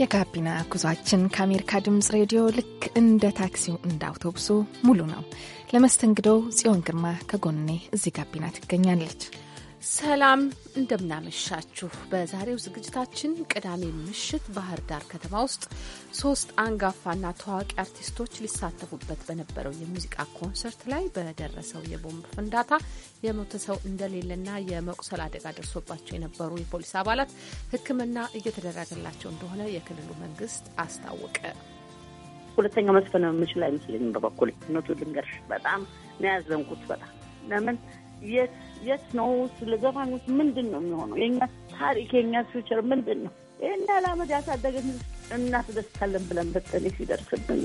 የጋቢና ጉዟችን ከአሜሪካ ድምፅ ሬዲዮ ልክ እንደ ታክሲው እንደ አውቶቡሱ ሙሉ ነው። ለመስተንግዶው ጽዮን ግርማ ከጎኔ እዚህ ጋቢና ትገኛለች። ሰላም እንደምናመሻችሁ። በዛሬው ዝግጅታችን ቅዳሜ ምሽት ባህር ዳር ከተማ ውስጥ ሶስት አንጋፋና ታዋቂ አርቲስቶች ሊሳተፉበት በነበረው የሙዚቃ ኮንሰርት ላይ በደረሰው የቦምብ ፍንዳታ የሞተ ሰው እንደሌለና የመቁሰል አደጋ ደርሶባቸው የነበሩ የፖሊስ አባላት ሕክምና እየተደረገላቸው እንደሆነ የክልሉ መንግስት አስታወቀ። ሁለተኛው መስፈን የምችል አይመስለኝም። በበኩል እውነቱን ልንገርሽ በጣም ነው ያዘንኩት። በጣም ለምን የት የት ነው ውስጥ ውስጥ ምንድን ነው የሚሆነው? የኛ ታሪክ የኛ ፊውቸር ምንድን ነው? ይህን ያህል ዓመት ያሳደገን እናስደስታለን ብለን በተለይ ሲደርስብን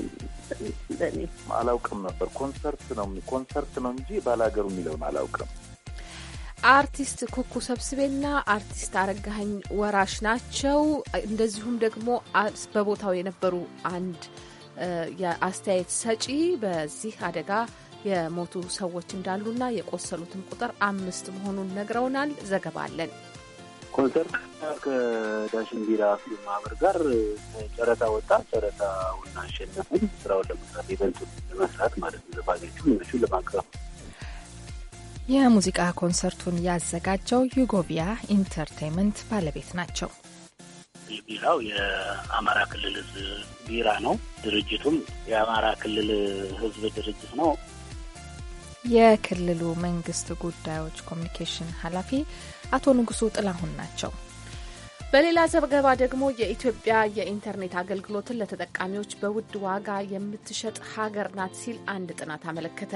ለኔ አላውቅም ነበር። ኮንሰርት ነው ኮንሰርት ነው እንጂ ባላገሩ የሚለውን አላውቅም። አርቲስት ኩኩ ሰብስቤና አርቲስት አረጋኸኝ ወራሽ ናቸው። እንደዚሁም ደግሞ በቦታው የነበሩ አንድ የአስተያየት ሰጪ በዚህ አደጋ የሞቱ ሰዎች እንዳሉና የቆሰሉትም ቁጥር አምስት መሆኑን ነግረውናል። ዘገባ አለን። ኮንሰርት ከዳሽን ቢራ ፊልም ማህበር ጋር ጨረታ ወጣ። ጨረታውን አሸነፍን። ስራውን ለመስራት ኢቨንቱን ለመስራት ማለት ነው። ዘፋኞቹ እነሱ ለማቅረብ የሙዚቃ ኮንሰርቱን ያዘጋጀው ዩጎቢያ ኢንተርቴንመንት ባለቤት ናቸው። ቢራው የአማራ ክልል ህዝብ ቢራ ነው። ድርጅቱም የአማራ ክልል ህዝብ ድርጅት ነው። የክልሉ መንግስት ጉዳዮች ኮሚኒኬሽን ኃላፊ አቶ ንጉሱ ጥላሁን ናቸው። በሌላ ዘገባ ደግሞ የኢትዮጵያ የኢንተርኔት አገልግሎትን ለተጠቃሚዎች በውድ ዋጋ የምትሸጥ ሀገር ናት ሲል አንድ ጥናት አመለከተ።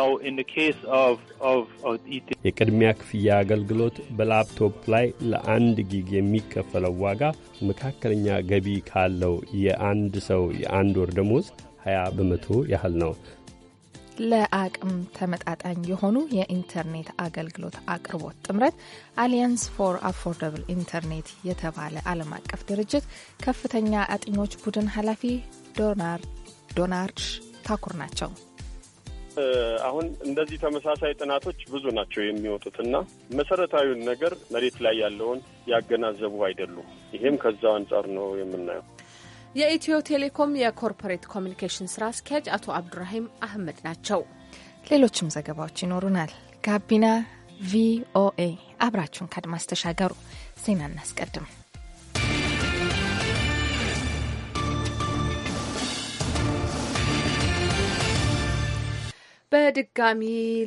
e የቅድሚያ ክፍያ አገልግሎት በላፕቶፕ ላይ ለአንድ ጊግ የሚከፈለው ዋጋ መካከለኛ ገቢ ካለው የአንድ ሰው የአንድ ወር ደሞዝ 20 በመቶ ያህል ነው። ለአቅም ተመጣጣኝ የሆኑ የኢንተርኔት አገልግሎት አቅርቦት ጥምረት አሊያንስ ፎር አፎርደብል ኢንተርኔት የተባለ ዓለም አቀፍ ድርጅት ከፍተኛ አጥኞች ቡድን ኃላፊ ዶናርድ ታኩር ናቸው። አሁን እንደዚህ ተመሳሳይ ጥናቶች ብዙ ናቸው የሚወጡትና መሰረታዊውን ነገር መሬት ላይ ያለውን ያገናዘቡ አይደሉም። ይሄም ከዛው አንጻር ነው የምናየው። የኢትዮ ቴሌኮም የኮርፖሬት ኮሚኒኬሽን ስራ አስኪያጅ አቶ አብዱራሂም አህመድ ናቸው። ሌሎችም ዘገባዎች ይኖሩናል። ጋቢና ቪኦኤ አብራችሁን ከአድማስ ተሻገሩ። ዜና እናስቀድም። በድጋሚ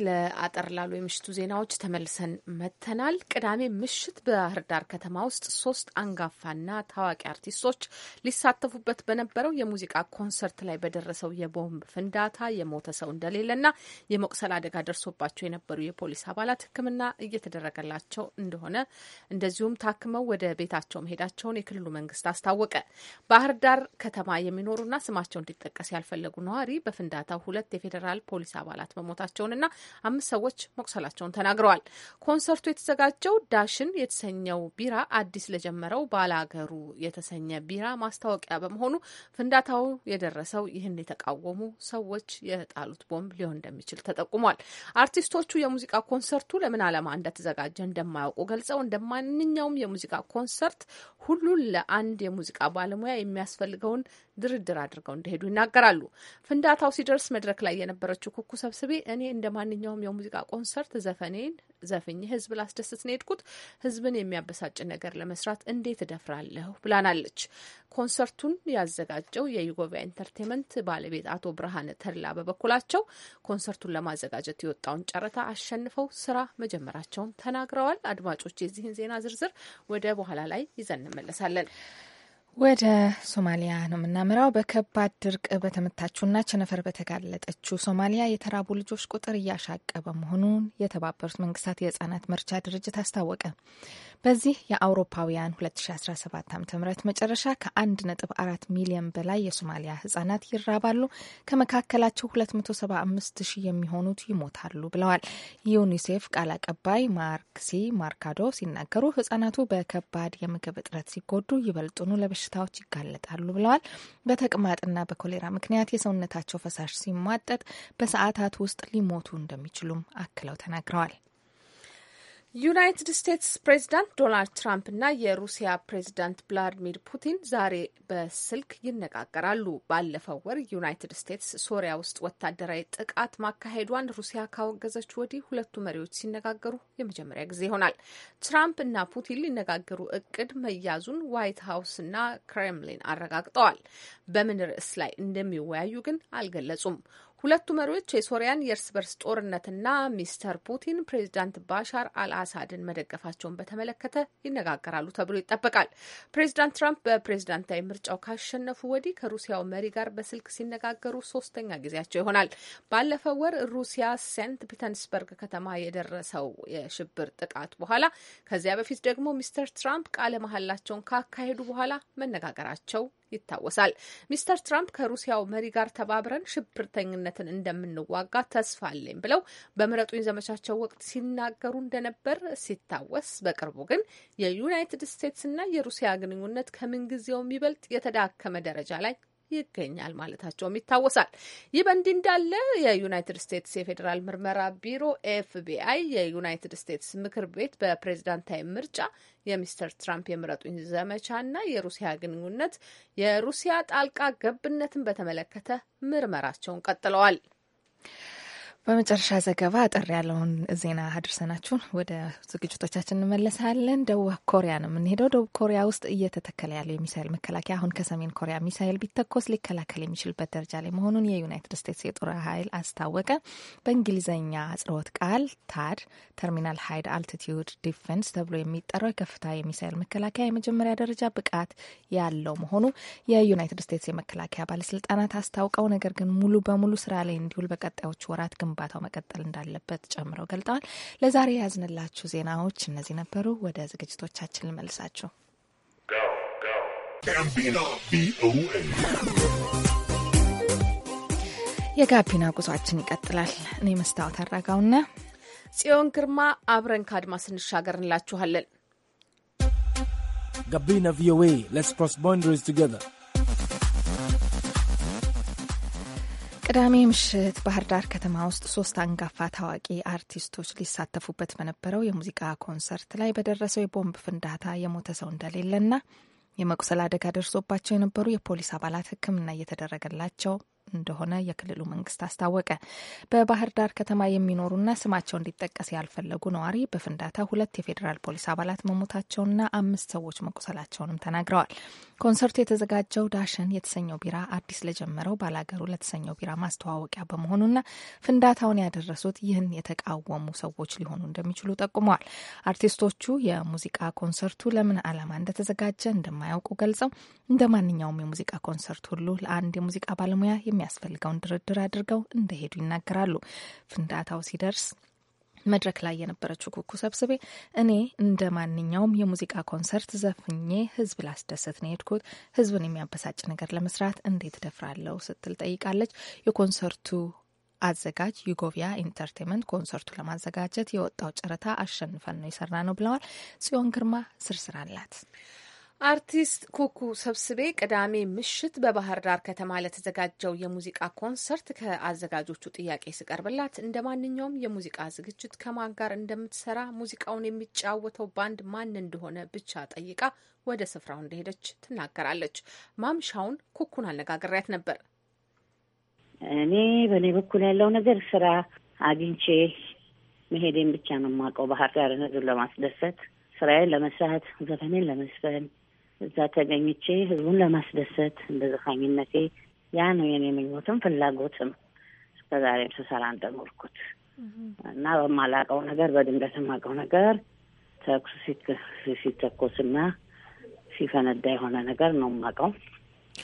ለአጠር ላሉ የምሽቱ ዜናዎች ተመልሰን መተናል። ቅዳሜ ምሽት ባህር ዳር ከተማ ውስጥ ሶስት አንጋፋና ታዋቂ አርቲስቶች ሊሳተፉበት በነበረው የሙዚቃ ኮንሰርት ላይ በደረሰው የቦምብ ፍንዳታ የሞተ ሰው እንደሌለና የመቁሰል አደጋ ደርሶባቸው የነበሩ የፖሊስ አባላት ሕክምና እየተደረገላቸው እንደሆነ እንደዚሁም ታክመው ወደ ቤታቸው መሄዳቸውን የክልሉ መንግስት አስታወቀ። ባህር ዳር ከተማ የሚኖሩና ስማቸው እንዲጠቀስ ያልፈለጉ ነዋሪ በፍንዳታው ሁለት የፌዴራል ፖሊስ አባላት አባላት መሞታቸውንና አምስት ሰዎች መቁሰላቸውን ተናግረዋል። ኮንሰርቱ የተዘጋጀው ዳሽን የተሰኘው ቢራ አዲስ ለጀመረው ባላገሩ የተሰኘ ቢራ ማስታወቂያ በመሆኑ ፍንዳታው የደረሰው ይህን የተቃወሙ ሰዎች የጣሉት ቦምብ ሊሆን እንደሚችል ተጠቁሟል። አርቲስቶቹ የሙዚቃ ኮንሰርቱ ለምን ዓላማ እንደተዘጋጀ እንደማያውቁ ገልጸው እንደ ማንኛውም የሙዚቃ ኮንሰርት ሁሉን ለአንድ የሙዚቃ ባለሙያ የሚያስፈልገውን ድርድር አድርገው እንደሄዱ ይናገራሉ። ፍንዳታው ሲደርስ መድረክ ላይ የነበረችው ኩኩ ሰብስቤ እኔ እንደ ማንኛውም የሙዚቃ ኮንሰርት ዘፈኔን ዘፍኝ ህዝብ ላስደስት ነው የሄድኩት። ህዝብን የሚያበሳጭ ነገር ለመስራት እንዴት እደፍራለሁ ብላናለች። ኮንሰርቱን ያዘጋጀው የዩጎቪያ ኢንተርቴንመንት ባለቤት አቶ ብርሃነ ተድላ በበኩላቸው ኮንሰርቱን ለማዘጋጀት የወጣውን ጨረታ አሸንፈው ስራ መጀመራቸውን ተናግረዋል። አድማጮች የዚህን ዜና ዝርዝር ወደ በኋላ ላይ ይዘን እንመለሳለን። ወደ ሶማሊያ ነው የምናምራው። በከባድ ድርቅ በተመታችውና ቸነፈር በተጋለጠችው ሶማሊያ የተራቡ ልጆች ቁጥር እያሻቀበ መሆኑን የተባበሩት መንግስታት የህጻናት መርጃ ድርጅት አስታወቀ። በዚህ የአውሮፓውያን 2017 ም መጨረሻ ከ1.4 ሚሊዮን በላይ የሶማሊያ ህጻናት ይራባሉ፣ ከመካከላቸው 275 ሺህ የሚሆኑት ይሞታሉ ብለዋል የዩኒሴፍ ቃል አቀባይ ማርክሲ ማርካዶ ሲናገሩ፣ ህጻናቱ በከባድ የምግብ እጥረት ሲጎዱ ይበልጡኑ ለበሽታዎች ይጋለጣሉ ብለዋል። በተቅማጥና በኮሌራ ምክንያት የሰውነታቸው ፈሳሽ ሲሟጠጥ በሰዓታት ውስጥ ሊሞቱ እንደሚችሉም አክለው ተናግረዋል። ዩናይትድ ስቴትስ ፕሬዚዳንት ዶናልድ ትራምፕ እና የሩሲያ ፕሬዚዳንት ቭላዲሚር ፑቲን ዛሬ በስልክ ይነጋገራሉ። ባለፈው ወር ዩናይትድ ስቴትስ ሶሪያ ውስጥ ወታደራዊ ጥቃት ማካሄዷን ሩሲያ ካወገዘች ወዲህ ሁለቱ መሪዎች ሲነጋገሩ የመጀመሪያ ጊዜ ይሆናል። ትራምፕ እና ፑቲን ሊነጋገሩ እቅድ መያዙን ዋይት ሀውስ እና ክሬምሊን አረጋግጠዋል። በምን ርዕስ ላይ እንደሚወያዩ ግን አልገለጹም። ሁለቱ መሪዎች የሶሪያን የእርስ በርስ ጦርነትና ሚስተር ፑቲን ፕሬዚዳንት ባሻር አልአሳድን መደገፋቸውን በተመለከተ ይነጋገራሉ ተብሎ ይጠበቃል። ፕሬዚዳንት ትራምፕ በፕሬዚዳንታዊ ምርጫው ካሸነፉ ወዲህ ከሩሲያው መሪ ጋር በስልክ ሲነጋገሩ ሶስተኛ ጊዜያቸው ይሆናል። ባለፈው ወር ሩሲያ ሴንት ፒተርስበርግ ከተማ የደረሰው የሽብር ጥቃት በኋላ ከዚያ በፊት ደግሞ ሚስተር ትራምፕ ቃለ መሀላቸውን ካካሄዱ በኋላ መነጋገራቸው ይታወሳል። ሚስተር ትራምፕ ከሩሲያው መሪ ጋር ተባብረን ሽብርተኝነትን እንደምንዋጋ ተስፋ አለኝ ብለው በምረጡኝ ዘመቻቸው ወቅት ሲናገሩ እንደነበር ሲታወስ፣ በቅርቡ ግን የዩናይትድ ስቴትስና የሩሲያ ግንኙነት ከምንጊዜው የሚበልጥ የተዳከመ ደረጃ ላይ ይገኛል ማለታቸውም ይታወሳል። ይህ በእንዲህ እንዳለ የዩናይትድ ስቴትስ የፌዴራል ምርመራ ቢሮ ኤፍቢአይ የዩናይትድ ስቴትስ ምክር ቤት በፕሬዝዳንታዊ ምርጫ የሚስተር ትራምፕ የምረጡኝ ዘመቻና የሩሲያ ግንኙነት፣ የሩሲያ ጣልቃ ገብነትን በተመለከተ ምርመራቸውን ቀጥለዋል። በመጨረሻ ዘገባ አጠር ያለውን ዜና አድርሰናችሁ ወደ ዝግጅቶቻችን እንመለሳለን። ደቡብ ኮሪያ ነው የምንሄደው። ደቡብ ኮሪያ ውስጥ እየተተከለ ያለው የሚሳይል መከላከያ አሁን ከሰሜን ኮሪያ ሚሳይል ቢተኮስ ሊከላከል የሚችልበት ደረጃ ላይ መሆኑን የዩናይትድ ስቴትስ የጦር ኃይል አስታወቀ። በእንግሊዝኛ አጽሮት ቃል ታድ ተርሚናል ሃይድ አልቲቲዩድ ዲፌንስ ተብሎ የሚጠራው የከፍታ የሚሳይል መከላከያ የመጀመሪያ ደረጃ ብቃት ያለው መሆኑ የዩናይትድ ስቴትስ የመከላከያ ባለስልጣናት አስታውቀው ነገር ግን ሙሉ በሙሉ ስራ ላይ እንዲውል በቀጣዮቹ ወራት ግንባታው መቀጠል እንዳለበት ጨምረው ገልጠዋል። ለዛሬ ያዝንላችሁ ዜናዎች እነዚህ ነበሩ። ወደ ዝግጅቶቻችን ልመልሳችሁ። የጋቢና ጉዟችን ይቀጥላል። እኔ መስታወት አራጋውና ጽዮን ግርማ አብረን ከአድማስ ስንሻገር እንላችኋለን። ጋቢና ቪኦኤ ሌትስ ክሮስ ባውንደሪስ ቱጌዘር ቅዳሜ ምሽት ባህር ዳር ከተማ ውስጥ ሶስት አንጋፋ ታዋቂ አርቲስቶች ሊሳተፉበት በነበረው የሙዚቃ ኮንሰርት ላይ በደረሰው የቦምብ ፍንዳታ የሞተ ሰው እንደሌለና የመቁሰል አደጋ ደርሶባቸው የነበሩ የፖሊስ አባላት ሕክምና እየተደረገላቸው እንደሆነ የክልሉ መንግስት አስታወቀ። በባህር ዳር ከተማ የሚኖሩና ስማቸው እንዲጠቀስ ያልፈለጉ ነዋሪ በፍንዳታ ሁለት የፌዴራል ፖሊስ አባላት መሞታቸውና አምስት ሰዎች መቁሰላቸውንም ተናግረዋል። ኮንሰርቱ የተዘጋጀው ዳሽን የተሰኘው ቢራ አዲስ ለጀመረው ባላገሩ ለተሰኘው ቢራ ማስተዋወቂያ በመሆኑና ፍንዳታውን ያደረሱት ይህን የተቃወሙ ሰዎች ሊሆኑ እንደሚችሉ ጠቁመዋል። አርቲስቶቹ የሙዚቃ ኮንሰርቱ ለምን ዓላማ እንደተዘጋጀ እንደማያውቁ ገልጸው እንደ ማንኛውም የሙዚቃ ኮንሰርት ሁሉ ለአንድ የሙዚቃ ባለሙያ የሚያስፈልገውን ድርድር አድርገው እንደሄዱ ይናገራሉ። ፍንዳታው ሲደርስ መድረክ ላይ የነበረችው ኩኩ ሰብስቤ እኔ እንደ ማንኛውም የሙዚቃ ኮንሰርት ዘፍኜ ህዝብ ላስደሰት ነው የሄድኩት። ህዝብን የሚያበሳጭ ነገር ለመስራት እንዴት ደፍራለው ስትል ጠይቃለች። የኮንሰርቱ አዘጋጅ ዩጎቪያ ኢንተርቴንመንት ኮንሰርቱ ለማዘጋጀት የወጣው ጨረታ አሸንፈን ነው የሰራ ነው ብለዋል። ጽዮን ግርማ ስርስር አላት። አርቲስት ኩኩ ሰብስቤ ቅዳሜ ምሽት በባህር ዳር ከተማ ለተዘጋጀው የሙዚቃ ኮንሰርት ከአዘጋጆቹ ጥያቄ ስቀርብላት እንደ ማንኛውም የሙዚቃ ዝግጅት ከማን ጋር እንደምትሰራ ሙዚቃውን የሚጫወተው ባንድ ማን እንደሆነ ብቻ ጠይቃ ወደ ስፍራው እንደሄደች ትናገራለች። ማምሻውን ኩኩን አነጋግሬያት ነበር። እኔ በእኔ በኩል ያለው ነገር ስራ አግኝቼ መሄዴን ብቻ ነው የማውቀው። ባህር ዳር ህዝብ ለማስደሰት ስራዬን ለመስራት ዘፈኔን ለመስፈን እዛ ተገኝቼ ህዝቡን ለማስደሰት በዘፋኝነቴ ያ ነው የኔ ምኞትም ፍላጎትም። እስከዛሬም ስሰራ እንደኖርኩት እና በማላውቀው ነገር በድንገት የማውቀው ነገር ተኩስ ሲተኮስና ሲፈነዳ የሆነ ነገር ነው የማውቀው።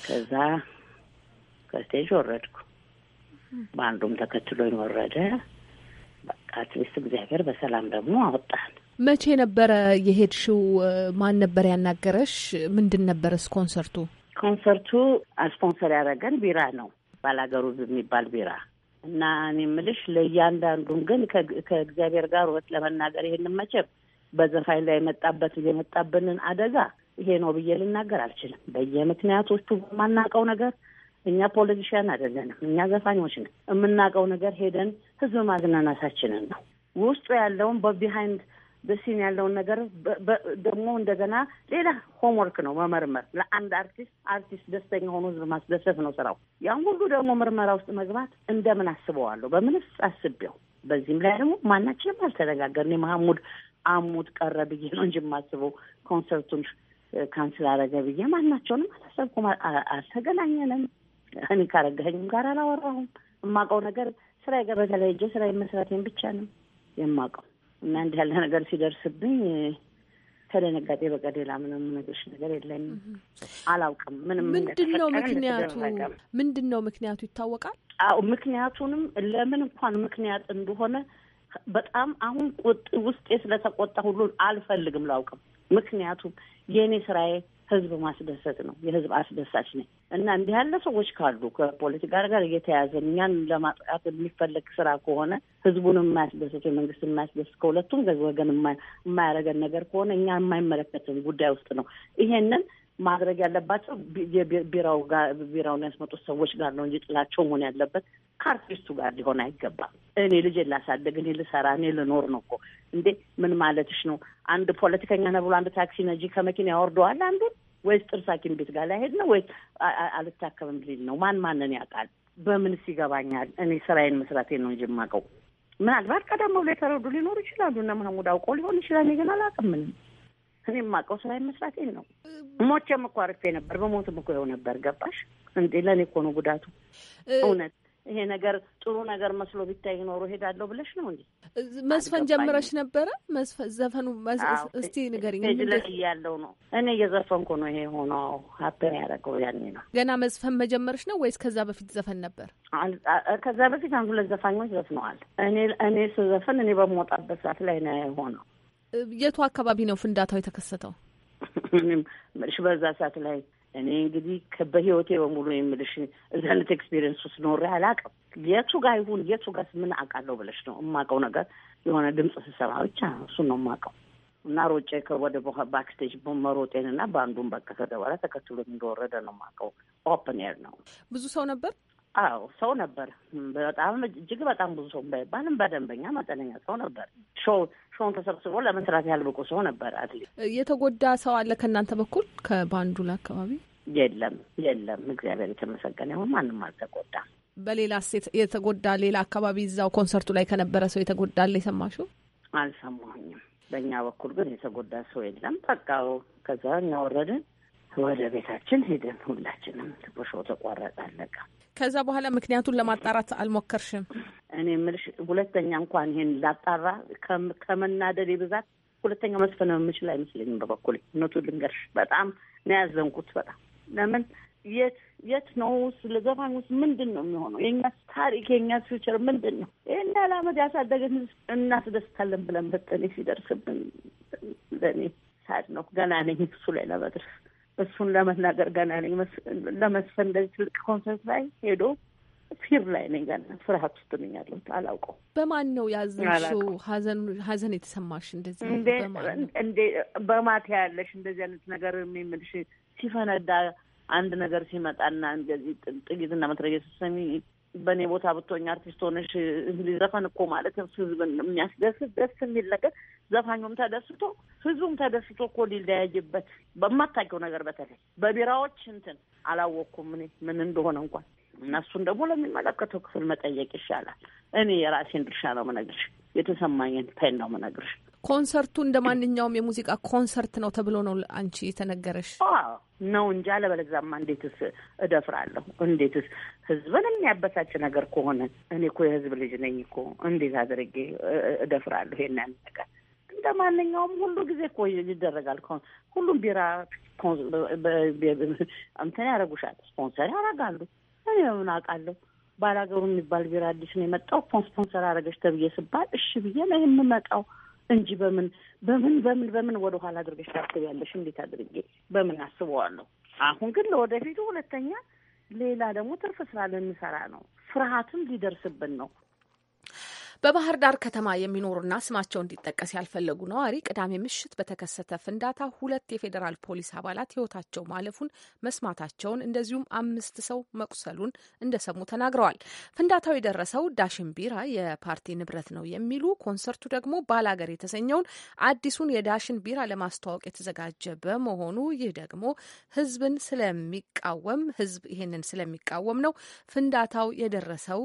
ከዛ ከስቴጅ ወረድኩ። በአንዱም ተከትሎኝ ወረደ። በቃ አትሊስት እግዚአብሔር በሰላም ደግሞ አወጣል። መቼ ነበረ የሄድሽው? ማን ነበር ያናገረሽ? ምንድን ነበረስ ኮንሰርቱ? ኮንሰርቱ ስፖንሰር ያደረገን ቢራ ነው፣ ባላገሩ የሚባል ቢራ እና እኔ የምልሽ ለእያንዳንዱም ግን ከእግዚአብሔር ጋር ወት ለመናገር ይሄንን መቼም በዘፋኝ ላይ የመጣበት የመጣብንን አደጋ ይሄ ነው ብዬ ልናገር አልችልም። በየምክንያቶቹ በማናውቀው ነገር እኛ ፖለቲሽያን አይደለንም፣ እኛ ዘፋኞች ነን። የምናውቀው ነገር ሄደን ህዝብ ማዝናናታችንን ነው። ውስጡ ያለውን በቢሃይንድ በሲን ያለውን ነገር ደግሞ እንደገና ሌላ ሆምወርክ ነው መመርመር። ለአንድ አርቲስት አርቲስት ደስተኛ ሆኖ ህዝብ ማስደሰት ነው ስራው። ያን ሁሉ ደግሞ ምርመራ ውስጥ መግባት እንደምን አስበዋለሁ? በምንስ አስቤው? በዚህም ላይ ደግሞ ማናችንም አልተነጋገርን። መሐሙድ አሙድ ቀረ ብዬ ነው እንጂ የማስበው ኮንሰርቱን ካንስል አረገ ብዬ ማናቸውንም አላሰብኩም። አልተገናኘንም። እኔ ካረገኝም ጋር አላወራሁም። የማውቀው ነገር ስራ በተለይ እጄ ስራ መስራቴን ብቻ ነው የማውቀው። እና እንዲህ ያለ ነገር ሲደርስብኝ ከደነጋጤ በቀር ሌላ ምንም ነገሮች ነገር የለኝ አላውቅም። ምንም ምንድን ነው ምክንያቱ? ምንድን ነው ምክንያቱ ይታወቃል? አዎ ምክንያቱንም ለምን እንኳን ምክንያት እንደሆነ በጣም አሁን ቁጥ ውስጤ ስለተቆጣ ሁሉ አልፈልግም ላውቅም። ምክንያቱም የእኔ ስራዬ ህዝብ ማስደሰት ነው። የህዝብ አስደሳች ነኝ እና እንዲህ ያለ ሰዎች ካሉ ከፖለቲካ ጋር እየተያዘ እኛን ለማጥቃት የሚፈለግ ስራ ከሆነ ህዝቡን የማያስደስት የመንግስት የማያስደስት ከሁለቱም ወገን የማያደርገን ነገር ከሆነ እኛ የማይመለከትን ጉዳይ ውስጥ ነው ይሄንን ማድረግ ያለባቸው ቢራው ቢራውን ያስመጡት ሰዎች ጋር ነው እንጂ ጥላቸው መሆን ያለበት ከአርቲስቱ ጋር ሊሆን አይገባም። እኔ ልጅ ላሳደግ፣ እኔ ልሰራ፣ እኔ ልኖር ነው እኮ እንዴ። ምን ማለትሽ ነው? አንድ ፖለቲከኛ ነው ብሎ አንድ ታክሲ ነጂ ከመኪና ያወርደዋል አንዱን ወይስ ጥርስ ሐኪም ቤት ጋር ላይሄድ ነው ወይስ አልታከምም ሊል ነው? ማን ማንን ያውቃል? በምንስ ይገባኛል? እኔ ስራዬን መስራቴን ነው እንጂ የማውቀው። ምናልባት ቀደም ብሎ የተረዱ ሊኖሩ ይችላሉ እና መሐሙድ አውቀው ሊሆን ይችላል። ግን አላውቅም ምንም። እኔ የማውቀው ስራ መስራቴን ነው። ሞቼም እኮ አርፌ ነበር፣ በሞትም እኮ ይኸው ነበር። ገባሽ እንዴ? ለእኔ እኮ ነው ጉዳቱ እውነት ይሄ ነገር ጥሩ ነገር መስሎ ቢታይ ኖሮ ሄዳለሁ ብለሽ ነው እንዴ? መስፈን ጀምረሽ ነበረ? ዘፈኑ እስቲ ንገሪኝ። እያለው ነው እኔ እየዘፈንኩ ነው። ይሄ ሆኖ ሀፕን ያደረገው ያኔ ነው። ገና መዝፈን መጀመርሽ ነው ወይስ ከዛ በፊት ዘፈን ነበር? ከዛ በፊት አንድ ሁለት ዘፋኞች ዘፍነዋል። እኔ እኔ ስዘፈን እኔ በምወጣበት ሰዓት ላይ ነው የሆነው። የቱ አካባቢ ነው ፍንዳታው የተከሰተው? ምንም እኔም በዛ ሰዓት ላይ እኔ እንግዲህ በህይወቴ በሙሉ የምልሽ እንደዚህ አይነት ኤክስፔሪየንስ ውስጥ ኖሬ አላውቅም። የቱ ጋር ይሁን የቱ ጋር ምን አውቃለሁ ብለሽ ነው የማውቀው ነገር የሆነ ድምፅ ስሰማ ብቻ እሱን ነው የማውቀው። እና ሮጬ ከወደ ባክስቴጅ መሮጤን እና በአንዱን በቃ ከዛ በኋላ ተከትሎ እንደወረደ ነው የማውቀው። ኦፕን ኤር ነው። ብዙ ሰው ነበር። አዎ ሰው ነበር። በጣም እጅግ በጣም ብዙ ሰው ባይባልም በደንበኛ መጠነኛ ሰው ነበር። ሾው ሾውን ተሰብስቦ ለመስራት ያልብቁ ሰው ነበር። አትሌት የተጎዳ ሰው አለ ከእናንተ በኩል ከባንዱላ አካባቢ የለም የለም። እግዚአብሔር የተመሰገነ ይሁን። ማንም አልተጎዳም። በሌላ ሴት የተጎዳ ሌላ አካባቢ እዛው ኮንሰርቱ ላይ ከነበረ ሰው የተጎዳለ የሰማሽው? አልሰማሁኝም። በእኛ በኩል ግን የተጎዳ ሰው የለም። በቃ ከዛ እኛ ወረድን፣ ወደ ቤታችን ሄደን ሁላችንም ትቦሾ ተቋረጠ፣ አለቀ። ከዛ በኋላ ምክንያቱን ለማጣራት አልሞከርሽም? እኔ ምልሽ ሁለተኛ እንኳን ይሄን ላጣራ ከመናደድ ብዛት ሁለተኛው መስፈን የምችል አይመስለኝም። በበኩል እውነቱን ልንገርሽ በጣም ነው ያዘንኩት በጣም ለምን የት የት ነው ውስጥ ለዘፋኝ ውስጥ ምንድን ነው የሚሆነው? የኛ ታሪክ የኛ ፊውቸር ምንድን ነው? ይህን ያህል ዓመት ያሳደገን እናስደስታለን ብለን በጠኔ ሲደርስብን ለእኔ ሳድ ነው። ገና ነኝ እሱ ላይ ለመድረስ እሱን ለመናገር ገና ነኝ። ለመስፈን እንደዚህ ትልቅ ኮንሰርት ላይ ሄዶ ፊር ላይ ነኝ። ገና ፍርሀት ውስጥ ነኝ ያለሁት። አላውቀው በማን ነው ያዘንሽው? ሀዘን ሀዘን የተሰማሽ እንደዚህ እንዴ? በማት ያለሽ እንደዚህ አይነት ነገር የሚምልሽ ሲፈነዳ አንድ ነገር ሲመጣና እንደዚህ ጥይትና መትረየስ ስትሰሚ በእኔ ቦታ ብትሆኝ አርቲስት ሆነሽ ዘፈን እኮ ማለት ህዝብን የሚያስደስት ደስ የሚል ነገር ዘፋኙም ተደስቶ ህዝቡም ተደስቶ እኮ ሊለያይበት በማታውቂው ነገር በተለይ በቢራዎች እንትን አላወቅኩም እኔ ምን እንደሆነ እንኳን እነሱን ደግሞ ለሚመለከተው ክፍል መጠየቅ ይሻላል። እኔ የራሴን ድርሻ ነው የምነግርሽ፣ የተሰማኝን ፔን ነው የምነግርሽ። ኮንሰርቱ እንደ ማንኛውም የሙዚቃ ኮንሰርት ነው ተብሎ ነው አንቺ የተነገረሽ? ነው እንጂ አለበለዚያማ እንዴትስ እደፍራለሁ? እንዴትስ ህዝብን የሚያበሳጭ ነገር ከሆነ እኔ እኮ የህዝብ ልጅ ነኝ እኮ እንዴት አድርጌ እደፍራለሁ? ይሄን ነገር እንደ ማንኛውም ሁሉ ጊዜ እኮ ይደረጋል። ሁሉም ቢራ እንትን ያደረጉሻል፣ ስፖንሰር ያደርጋሉ። እኔ ምን አውቃለሁ ባላገሩ የሚባል ቢራ አዲስ ነው የመጣው። ስፖንሰር አደረገች ተብዬ ስባል እሺ ብዬ ነው የምመጣው። እንጂ በምን በምን በምን በምን ወደ ኋላ አድርገሽ ታስቢያለሽ? እንዴት አድርጌ በምን አስበዋለሁ? አሁን ግን ለወደፊቱ ሁለተኛ ሌላ ደግሞ ትርፍ ስራ ልንሰራ ነው። ፍርሃትም ሊደርስብን ነው። በባህር ዳር ከተማ የሚኖሩና ስማቸው እንዲጠቀስ ያልፈለጉ ነዋሪ ቅዳሜ ምሽት በተከሰተ ፍንዳታ ሁለት የፌዴራል ፖሊስ አባላት ሕይወታቸው ማለፉን መስማታቸውን እንደዚሁም አምስት ሰው መቁሰሉን እንደሰሙ ተናግረዋል። ፍንዳታው የደረሰው ዳሽን ቢራ የፓርቲ ንብረት ነው የሚሉ ኮንሰርቱ ደግሞ ባላገር የተሰኘውን አዲሱን የዳሽን ቢራ ለማስተዋወቅ የተዘጋጀ በመሆኑ ይህ ደግሞ ሕዝብን ስለሚቃወም ሕዝብ ይህንን ስለሚቃወም ነው ፍንዳታው የደረሰው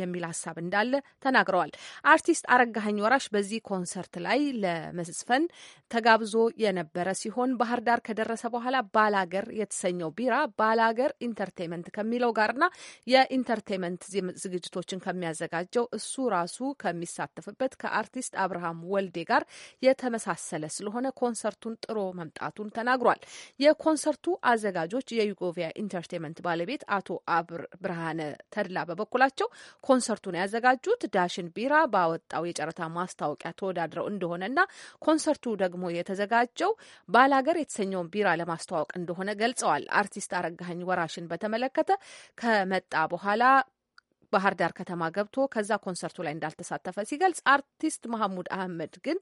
የሚል ሀሳብ እንዳለ ተናግረዋል። ተናግረዋል። አርቲስት አረጋኸኝ ወራሽ በዚህ ኮንሰርት ላይ ለመዝፈን ተጋብዞ የነበረ ሲሆን ባህር ዳር ከደረሰ በኋላ ባላገር የተሰኘው ቢራ ባላገር ኢንተርቴንመንት ከሚለው ጋርና የኢንተርቴንመንት ዝግጅቶችን ከሚያዘጋጀው እሱ ራሱ ከሚሳተፍበት ከአርቲስት አብርሃም ወልዴ ጋር የተመሳሰለ ስለሆነ ኮንሰርቱን ጥሮ መምጣቱን ተናግሯል። የኮንሰርቱ አዘጋጆች የዩጎቪያ ኢንተርቴንመንት ባለቤት አቶ አብር ብርሃነ ተድላ በበኩላቸው ኮንሰርቱን ያዘጋጁት ዳሽን ጃክሰን ቢራ ባወጣው የጨረታ ማስታወቂያ ተወዳድረው እንደሆነና ኮንሰርቱ ደግሞ የተዘጋጀው ባላገር የተሰኘውን ቢራ ለማስተዋወቅ እንደሆነ ገልጸዋል። አርቲስት አረጋኸኝ ወራሽን በተመለከተ ከመጣ በኋላ ባህር ዳር ከተማ ገብቶ ከዛ ኮንሰርቱ ላይ እንዳልተሳተፈ ሲገልጽ፣ አርቲስት መሐሙድ አህመድ ግን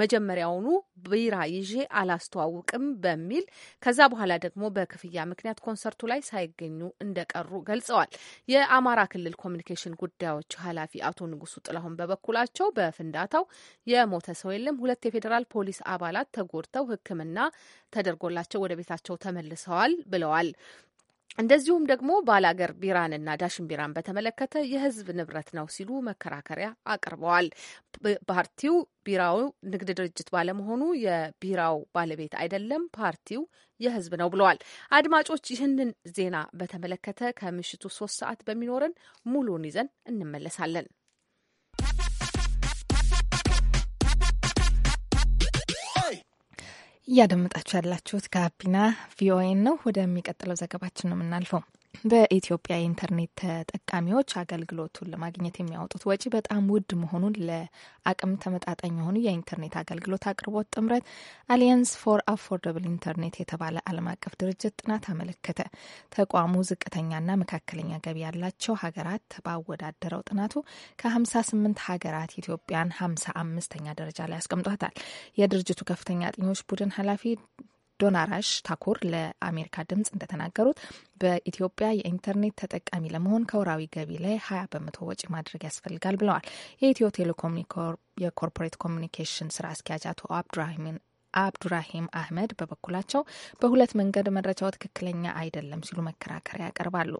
መጀመሪያውኑ ቢራ ይዤ አላስተዋውቅም በሚል ከዛ በኋላ ደግሞ በክፍያ ምክንያት ኮንሰርቱ ላይ ሳይገኙ እንደቀሩ ገልጸዋል። የአማራ ክልል ኮሚኒኬሽን ጉዳዮች ኃላፊ አቶ ንጉሱ ጥላሁን በበኩላቸው በፍንዳታው የሞተ ሰው የለም፣ ሁለት የፌዴራል ፖሊስ አባላት ተጎድተው ሕክምና ተደርጎላቸው ወደ ቤታቸው ተመልሰዋል ብለዋል። እንደዚሁም ደግሞ ባላገር ቢራንና ዳሽን ቢራን በተመለከተ የህዝብ ንብረት ነው ሲሉ መከራከሪያ አቅርበዋል። ፓርቲው ቢራው ንግድ ድርጅት ባለመሆኑ የቢራው ባለቤት አይደለም፣ ፓርቲው የህዝብ ነው ብለዋል። አድማጮች፣ ይህንን ዜና በተመለከተ ከምሽቱ ሶስት ሰዓት በሚኖረን ሙሉን ይዘን እንመለሳለን። እያደመጣችሁ ያላችሁት ጋቢና ቪኦኤን ነው። ወደሚቀጥለው ዘገባችን ነው የምናልፈው። በኢትዮጵያ የኢንተርኔት ተጠቃሚዎች አገልግሎቱን ለማግኘት የሚያወጡት ወጪ በጣም ውድ መሆኑን ለአቅም ተመጣጣኝ የሆኑ የኢንተርኔት አገልግሎት አቅርቦት ጥምረት አሊያንስ ፎር አፎርደብል ኢንተርኔት የተባለ ዓለም አቀፍ ድርጅት ጥናት አመለከተ። ተቋሙ ዝቅተኛና መካከለኛ ገቢ ያላቸው ሀገራት ባወዳደረው ጥናቱ ከ58 ሀገራት ኢትዮጵያን 55ኛ ደረጃ ላይ ያስቀምጧታል። የድርጅቱ ከፍተኛ አጥኚዎች ቡድን ኃላፊ ዶናራሽ ታኮር ለአሜሪካ ድምጽ እንደተናገሩት በኢትዮጵያ የኢንተርኔት ተጠቃሚ ለመሆን ከወራዊ ገቢ ላይ ሀያ በመቶ ወጪ ማድረግ ያስፈልጋል ብለዋል። የኢትዮ ቴሌኮም የኮርፖሬት ኮሚኒኬሽን ስራ አስኪያጅ አቶ አብዱራሂምን አብዱራሂም አህመድ በበኩላቸው በሁለት መንገድ መረጃው ትክክለኛ አይደለም ሲሉ መከራከሪያ ያቀርባሉ።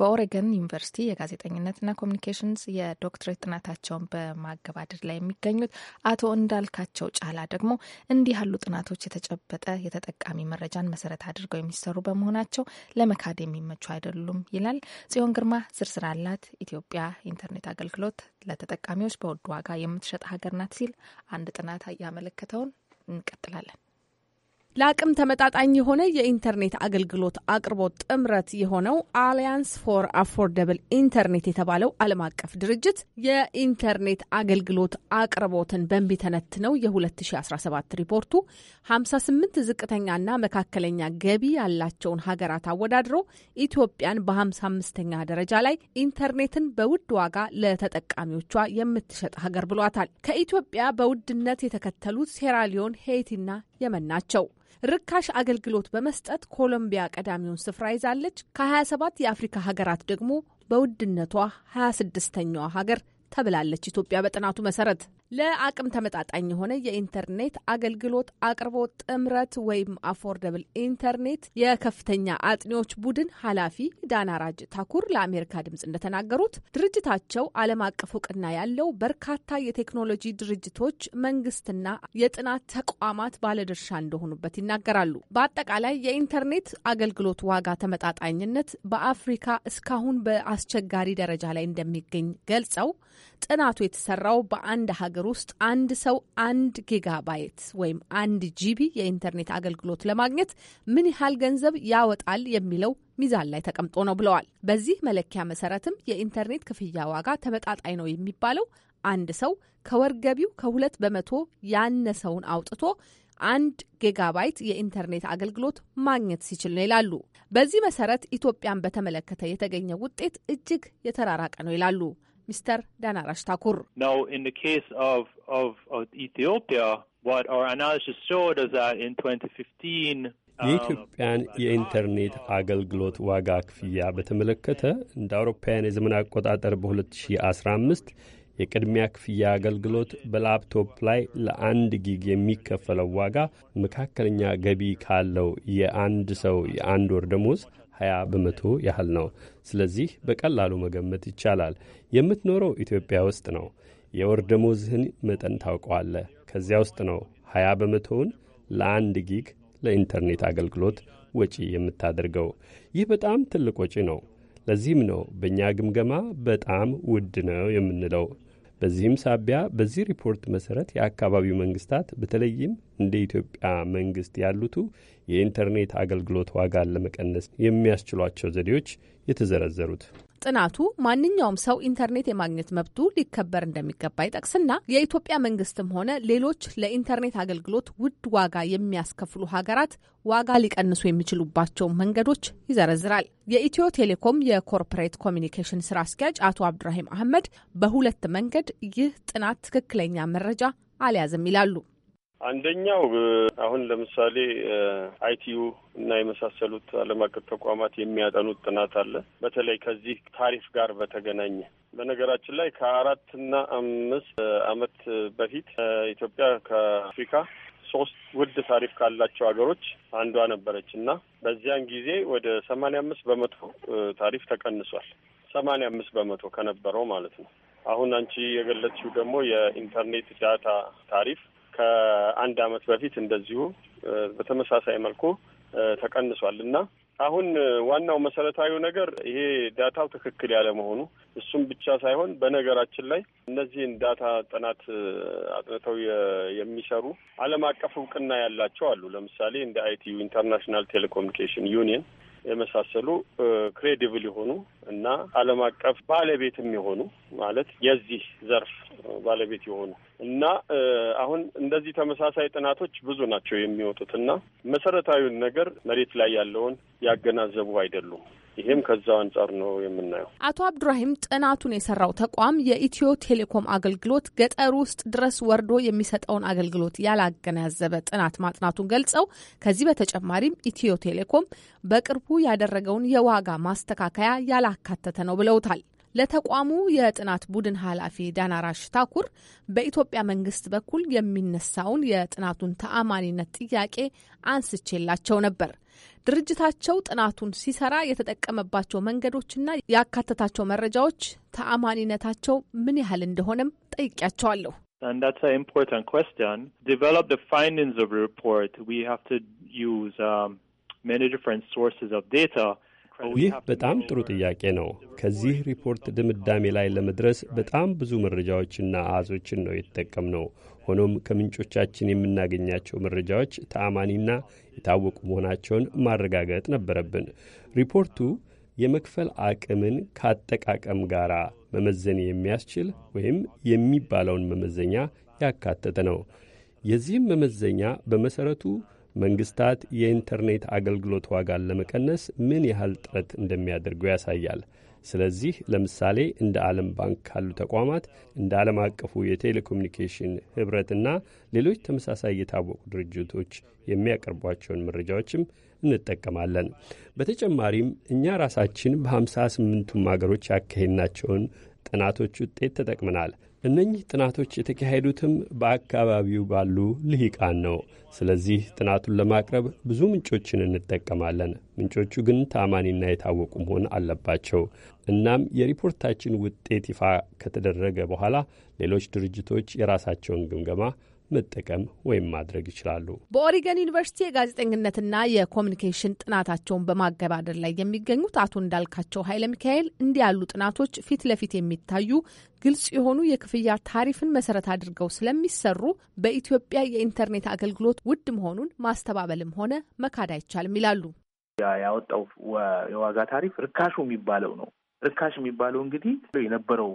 በኦሬገን ዩኒቨርሲቲ የጋዜጠኝነትና ኮሚኒኬሽንስ የዶክትሬት ጥናታቸውን በማገባደድ ላይ የሚገኙት አቶ እንዳልካቸው ጫላ ደግሞ እንዲህ ያሉ ጥናቶች የተጨበጠ የተጠቃሚ መረጃን መሰረት አድርገው የሚሰሩ በመሆናቸው ለመካድ የሚመቹ አይደሉም ይላል። ጽዮን ግርማ ዝርዝር አላት። ኢትዮጵያ ኢንተርኔት አገልግሎት ለተጠቃሚዎች በውድ ዋጋ የምትሸጥ ሀገር ናት ሲል አንድ ጥናት ያመለከተውን እንቀጥላለን። ለአቅም ተመጣጣኝ የሆነ የኢንተርኔት አገልግሎት አቅርቦት ጥምረት የሆነው አሊያንስ ፎር አፎርደብል ኢንተርኔት የተባለው ዓለም አቀፍ ድርጅት የኢንተርኔት አገልግሎት አቅርቦትን በሚተነትነው የ2017 ሪፖርቱ 58 ዝቅተኛና መካከለኛ ገቢ ያላቸውን ሀገራት አወዳድሮ ኢትዮጵያን በ55ኛ ደረጃ ላይ ኢንተርኔትን በውድ ዋጋ ለተጠቃሚዎቿ የምትሸጥ ሀገር ብሏታል። ከኢትዮጵያ በውድነት የተከተሉት ሴራሊዮን፣ ሄይቲና የመን ናቸው። ርካሽ አገልግሎት በመስጠት ኮሎምቢያ ቀዳሚውን ስፍራ ይዛለች። ከ27 የአፍሪካ ሀገራት ደግሞ በውድነቷ 26ኛዋ ሀገር ተብላለች ኢትዮጵያ በጥናቱ መሰረት። ለአቅም ተመጣጣኝ የሆነ የኢንተርኔት አገልግሎት አቅርቦት ጥምረት ወይም አፎርደብል ኢንተርኔት የከፍተኛ አጥኒዎች ቡድን ኃላፊ ራጅ ታኩር ለአሜሪካ ድምጽ እንደተናገሩት ድርጅታቸው ዓለም አቀፍ እውቅና ያለው በርካታ የቴክኖሎጂ ድርጅቶች፣ መንግስትና የጥናት ተቋማት ባለድርሻ እንደሆኑበት ይናገራሉ። በአጠቃላይ የኢንተርኔት አገልግሎት ዋጋ ተመጣጣኝነት በአፍሪካ እስካሁን በአስቸጋሪ ደረጃ ላይ እንደሚገኝ ገልጸው ጥናቱ የተሰራው በአንድ ሀገር ሀገር ውስጥ አንድ ሰው አንድ ጊጋባይት ወይም አንድ ጂቢ የኢንተርኔት አገልግሎት ለማግኘት ምን ያህል ገንዘብ ያወጣል የሚለው ሚዛን ላይ ተቀምጦ ነው ብለዋል። በዚህ መለኪያ መሰረትም የኢንተርኔት ክፍያ ዋጋ ተመጣጣኝ ነው የሚባለው አንድ ሰው ከወር ገቢው ከሁለት በመቶ ያነሰውን አውጥቶ አንድ ጊጋባይት የኢንተርኔት አገልግሎት ማግኘት ሲችል ነው ይላሉ። በዚህ መሰረት ኢትዮጵያን በተመለከተ የተገኘ ውጤት እጅግ የተራራቀ ነው ይላሉ። ሚስተር ዳናራሽ ታኩር um, የኢትዮጵያን የኢንተርኔት አገልግሎት ዋጋ ክፍያ በተመለከተ እንደ አውሮፓውያን የዘመን አቆጣጠር በ2015 የቅድሚያ ክፍያ አገልግሎት በላፕቶፕ ላይ ለአንድ ጊግ የሚከፈለው ዋጋ መካከለኛ ገቢ ካለው የአንድ ሰው የአንድ ወር ደሞዝ 20 በመቶ ያህል ነው። ስለዚህ በቀላሉ መገመት ይቻላል። የምትኖረው ኢትዮጵያ ውስጥ ነው። የወር ደሞዝህን መጠን ታውቀዋለህ። ከዚያ ውስጥ ነው 20 በመቶውን ለአንድ ጊግ ለኢንተርኔት አገልግሎት ወጪ የምታደርገው። ይህ በጣም ትልቅ ወጪ ነው። ለዚህም ነው በእኛ ግምገማ በጣም ውድ ነው የምንለው። በዚህም ሳቢያ በዚህ ሪፖርት መሠረት የአካባቢው መንግስታት በተለይም እንደ ኢትዮጵያ መንግስት ያሉቱ የኢንተርኔት አገልግሎት ዋጋን ለመቀነስ የሚያስችሏቸው ዘዴዎች የተዘረዘሩት። ጥናቱ ማንኛውም ሰው ኢንተርኔት የማግኘት መብቱ ሊከበር እንደሚገባ ይጠቅስና የኢትዮጵያ መንግስትም ሆነ ሌሎች ለኢንተርኔት አገልግሎት ውድ ዋጋ የሚያስከፍሉ ሀገራት ዋጋ ሊቀንሱ የሚችሉባቸው መንገዶች ይዘረዝራል። የኢትዮ ቴሌኮም የኮርፖሬት ኮሚኒኬሽን ስራ አስኪያጅ አቶ አብዱራሂም አህመድ በሁለት መንገድ ይህ ጥናት ትክክለኛ መረጃ አልያዝም ይላሉ። አንደኛው አሁን ለምሳሌ አይቲዩ እና የመሳሰሉት ዓለም አቀፍ ተቋማት የሚያጠኑት ጥናት አለ። በተለይ ከዚህ ታሪፍ ጋር በተገናኘ በነገራችን ላይ ከአራትና አምስት ዓመት በፊት ኢትዮጵያ ከአፍሪካ ሶስት ውድ ታሪፍ ካላቸው ሀገሮች አንዷ ነበረች እና በዚያን ጊዜ ወደ ሰማንያ አምስት በመቶ ታሪፍ ተቀንሷል። ሰማንያ አምስት በመቶ ከነበረው ማለት ነው። አሁን አንቺ የገለጽሽው ደግሞ የኢንተርኔት ዳታ ታሪፍ ከአንድ አመት በፊት እንደዚሁ በተመሳሳይ መልኩ ተቀንሷል እና አሁን ዋናው መሰረታዊ ነገር ይሄ ዳታው ትክክል ያለ መሆኑ እሱም ብቻ ሳይሆን በነገራችን ላይ እነዚህን ዳታ ጥናት አጥንተው የሚሰሩ ዓለም አቀፍ እውቅና ያላቸው አሉ። ለምሳሌ እንደ አይቲዩ ኢንተርናሽናል ቴሌኮሙኒኬሽን ዩኒየን የመሳሰሉ ክሬዲብል የሆኑ እና ዓለም አቀፍ ባለቤትም የሆኑ ማለት የዚህ ዘርፍ ባለቤት የሆኑ እና አሁን እንደዚህ ተመሳሳይ ጥናቶች ብዙ ናቸው የሚወጡት እና መሰረታዊውን ነገር መሬት ላይ ያለውን ያገናዘቡ አይደሉም። ይህም ከዛው አንጻር ነው የምናየው። አቶ አብዱራሂም ጥናቱን የሰራው ተቋም የኢትዮ ቴሌኮም አገልግሎት ገጠር ውስጥ ድረስ ወርዶ የሚሰጠውን አገልግሎት ያላገናዘበ ጥናት ማጥናቱን ገልጸው ከዚህ በተጨማሪም ኢትዮ ቴሌኮም በቅርቡ ያደረገውን የዋጋ ማስተካከያ ያላካተተ ነው ብለውታል። ለተቋሙ የጥናት ቡድን ኃላፊ ዳናራሽ ታኩር በኢትዮጵያ መንግስት በኩል የሚነሳውን የጥናቱን ተአማኒነት ጥያቄ አንስቼላቸው ነበር። ድርጅታቸው ጥናቱን ሲሰራ የተጠቀመባቸው መንገዶችና ያካተታቸው መረጃዎች ተአማኒነታቸው ምን ያህል እንደሆነም ጠይቄያቸዋለሁ። And that's an important question. Develop the findings of the report. We have to use um, many different sources of data ይህ በጣም ጥሩ ጥያቄ ነው። ከዚህ ሪፖርት ድምዳሜ ላይ ለመድረስ በጣም ብዙ መረጃዎችና አሃዞችን ነው የተጠቀምነው። ሆኖም ከምንጮቻችን የምናገኛቸው መረጃዎች ተአማኒና የታወቁ መሆናቸውን ማረጋገጥ ነበረብን። ሪፖርቱ የመክፈል አቅምን ከአጠቃቀም ጋር መመዘን የሚያስችል ወይም የሚባለውን መመዘኛ ያካተተ ነው። የዚህም መመዘኛ በመሠረቱ መንግስታት የኢንተርኔት አገልግሎት ዋጋን ለመቀነስ ምን ያህል ጥረት እንደሚያደርጉ ያሳያል። ስለዚህ ለምሳሌ እንደ ዓለም ባንክ ካሉ ተቋማት እንደ ዓለም አቀፉ የቴሌኮሙኒኬሽን ኅብረትና ሌሎች ተመሳሳይ የታወቁ ድርጅቶች የሚያቀርቧቸውን መረጃዎችም እንጠቀማለን። በተጨማሪም እኛ ራሳችን በሃምሳ ስምንቱም አገሮች ያካሄድናቸውን ጥናቶች ውጤት ተጠቅመናል። እነኚህ ጥናቶች የተካሄዱትም በአካባቢው ባሉ ልሂቃን ነው። ስለዚህ ጥናቱን ለማቅረብ ብዙ ምንጮችን እንጠቀማለን። ምንጮቹ ግን ታማኒና የታወቁ መሆን አለባቸው። እናም የሪፖርታችን ውጤት ይፋ ከተደረገ በኋላ ሌሎች ድርጅቶች የራሳቸውን ግምገማ መጠቀም ወይም ማድረግ ይችላሉ። በኦሪገን ዩኒቨርሲቲ የጋዜጠኝነትና የኮሚኒኬሽን ጥናታቸውን በማገባደር ላይ የሚገኙት አቶ እንዳልካቸው ኃይለ ሚካኤል እንዲህ ያሉ ጥናቶች ፊት ለፊት የሚታዩ ግልጽ የሆኑ የክፍያ ታሪፍን መሰረት አድርገው ስለሚሰሩ በኢትዮጵያ የኢንተርኔት አገልግሎት ውድ መሆኑን ማስተባበልም ሆነ መካድ አይቻልም ይላሉ። ያወጣው የዋጋ ታሪፍ ርካሹ የሚባለው ነው። ርካሽ የሚባለው እንግዲህ የነበረው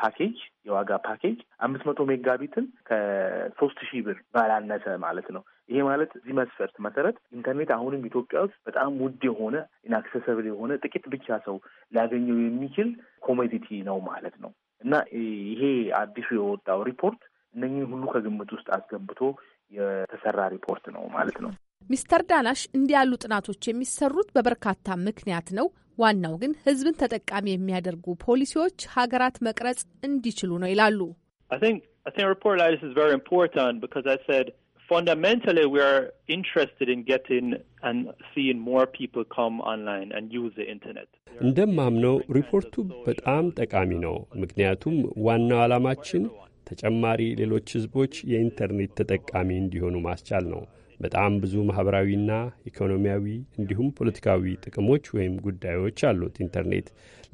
ፓኬጅ የዋጋ ፓኬጅ አምስት መቶ ሜጋቢትን ከሶስት ሺህ ብር ባላነሰ ማለት ነው። ይሄ ማለት እዚህ መስፈርት መሰረት ኢንተርኔት አሁንም ኢትዮጵያ ውስጥ በጣም ውድ የሆነ ኢንአክሰሰብል የሆነ ጥቂት ብቻ ሰው ሊያገኘው የሚችል ኮሞዲቲ ነው ማለት ነው እና ይሄ አዲሱ የወጣው ሪፖርት እነኝህን ሁሉ ከግምት ውስጥ አስገብቶ የተሰራ ሪፖርት ነው ማለት ነው። ሚስተር ዳናሽ እንዲህ ያሉ ጥናቶች የሚሰሩት በበርካታ ምክንያት ነው። ዋናው ግን ህዝብን ተጠቃሚ የሚያደርጉ ፖሊሲዎች ሀገራት መቅረጽ እንዲችሉ ነው ይላሉ። fundamentally we are interested in getting and seeing more people come online and use the internet. እንደማምነው ሪፖርቱ በጣም ጠቃሚ ነው። ምክንያቱም ዋናው ዓላማችን ተጨማሪ ሌሎች ህዝቦች የኢንተርኔት ተጠቃሚ እንዲሆኑ ማስቻል ነው። በጣም ብዙ ማኅበራዊና ኢኮኖሚያዊ እንዲሁም ፖለቲካዊ ጥቅሞች ወይም ጉዳዮች አሉት። ኢንተርኔት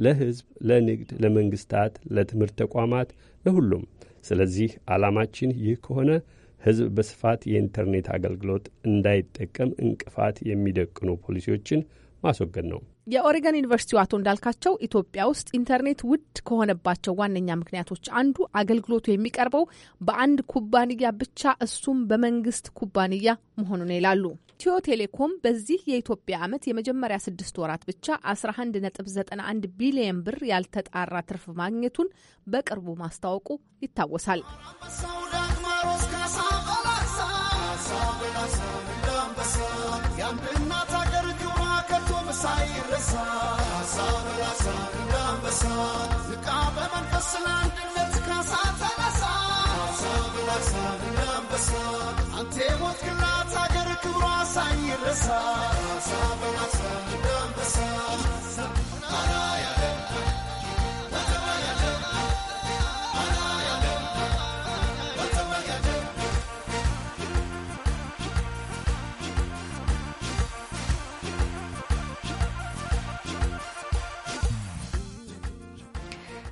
ለሕዝብ፣ ለንግድ፣ ለመንግስታት፣ ለትምህርት ተቋማት፣ ለሁሉም። ስለዚህ ዓላማችን ይህ ከሆነ ሕዝብ በስፋት የኢንተርኔት አገልግሎት እንዳይጠቀም እንቅፋት የሚደቅኑ ፖሊሲዎችን ማስወገድ ነው። የኦሬገን ዩኒቨርሲቲው አቶ እንዳልካቸው ኢትዮጵያ ውስጥ ኢንተርኔት ውድ ከሆነባቸው ዋነኛ ምክንያቶች አንዱ አገልግሎቱ የሚቀርበው በአንድ ኩባንያ ብቻ እሱም በመንግስት ኩባንያ መሆኑን ይላሉ። ኢትዮ ቴሌኮም በዚህ የኢትዮጵያ ዓመት የመጀመሪያ ስድስት ወራት ብቻ 11.91 ቢሊየን ብር ያልተጣራ ትርፍ ማግኘቱን በቅርቡ ማስታወቁ ይታወሳል። ሳይረሳ ሳበላሳ እንዳንበሳ ዝቃ በመንፈስ አንድነት ካሳ ተነሳ ሳበላሳ እንዳንበሳ አንቴ ሞት አገር ክብሯ ሳይረሳ ሳበላሳ እንዳንበሳ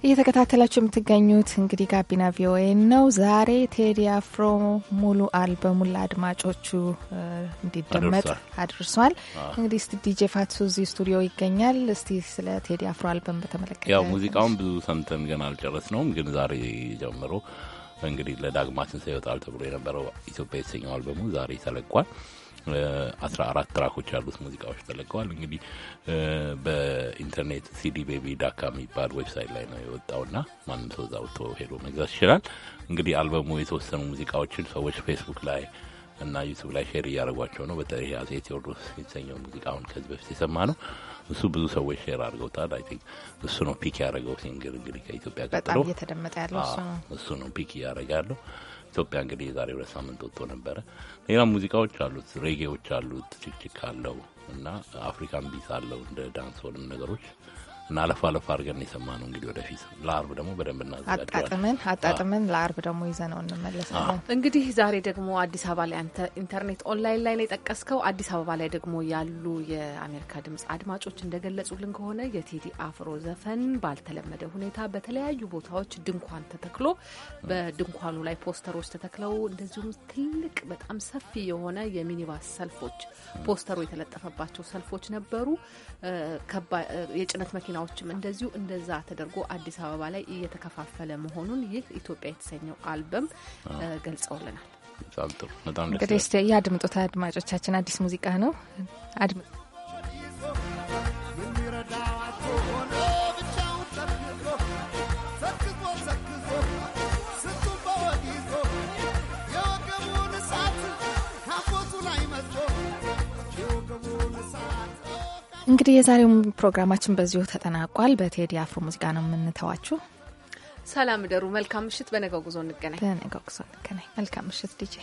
እየተከታተላችሁ የምትገኙት እንግዲህ ጋቢና ቪኦኤ ነው። ዛሬ ቴዲ አፍሮ ሙሉ አልበሙን ለአድማጮቹ እንዲደመጥ አድርሷል። እንግዲህ እስቲ ዲጄ ፋትሱ እዚህ ስቱዲዮ ይገኛል። እስቲ ስለ ቴዲ አፍሮ አልበም በተመለከተ ያው ሙዚቃውን ብዙ ሰምተን ገና አልጨረስ ነውም፣ ግን ዛሬ ጀምሮ እንግዲህ ለዳግማችን ሳይወጣል ተብሎ የነበረው ኢትዮጵያ የተሰኘው አልበሙ ዛሬ ተለቋል። አስራ አራት ትራኮች ያሉት ሙዚቃዎች ተለቀዋል። እንግዲህ በኢንተርኔት ሲዲ ቤቢ ዳካ የሚባል ዌብሳይት ላይ ነው የወጣው እና ማንም ሰው እዛ ወጥቶ ሄዶ መግዛት ይችላል። እንግዲህ አልበሙ የተወሰኑ ሙዚቃዎችን ሰዎች ፌስቡክ ላይ እና ዩቱብ ላይ ሼር እያደረጓቸው ነው። በተለይ አፄ ቴዎድሮስ የተሰኘው ሙዚቃ አሁን ከዚህ በፊት የሰማ ነው እሱ ብዙ ሰዎች ሼር አድርገውታል። አይ ቲንክ እሱ ነው ፒክ ያደረገው ሲንግል እንግዲህ ከኢትዮጵያ ቀጥሎ በጣም እየተደመጠ ያለው እሱ ነው ፒክ እያደረገ ያለው ኢትዮጵያ እንግዲህ የዛሬ ሁለት ሳምንት ወጥቶ ነበረ። ሌላም ሙዚቃዎች አሉት፣ ሬጌዎች አሉት፣ ችክችክ አለው እና አፍሪካን ቢስ አለው እንደ ዳንስ ሆንም ነገሮች እና አለፍ አለፍ አድርገን የሰማ ነው እንግዲህ ወደፊት ለአርብ ደግሞ በደንብ እናዘጋጣጥመን አጣጥመን ለአርብ ደግሞ ይዘነው እንመለሳለን። እንግዲህ ዛሬ ደግሞ አዲስ አበባ ላይ አንተ ኢንተርኔት ኦንላይን ላይ ነው የጠቀስከው። አዲስ አበባ ላይ ደግሞ ያሉ የአሜሪካ ድምጽ አድማጮች እንደገለጹልን ከሆነ የቴዲ አፍሮ ዘፈን ባልተለመደ ሁኔታ በተለያዩ ቦታዎች ድንኳን ተተክሎ በድንኳኑ ላይ ፖስተሮች ተተክለው እንደዚሁም ትልቅ በጣም ሰፊ የሆነ የሚኒባስ ሰልፎች ፖስተሩ የተለጠፈባቸው ሰልፎች ነበሩ። የጭነት መኪና መኪናዎችም እንደዚሁ እንደዛ ተደርጎ አዲስ አበባ ላይ እየተከፋፈለ መሆኑን ይህ ኢትዮጵያ የተሰኘው አልበም ገልጸውልናል። እንግዲህ ያድምጡት አድማጮቻችን። አዲስ ሙዚቃ ነው። እንግዲህ የዛሬው ፕሮግራማችን በዚሁ ተጠናቋል። በቴዲ አፍሮ ሙዚቃ ነው የምንተዋችሁ። ሰላም እደሩ። መልካም ምሽት። በነገው ጉዞ እንገናኝ። በነገው ጉዞ እንገናኝ። መልካም ምሽት ዲጄ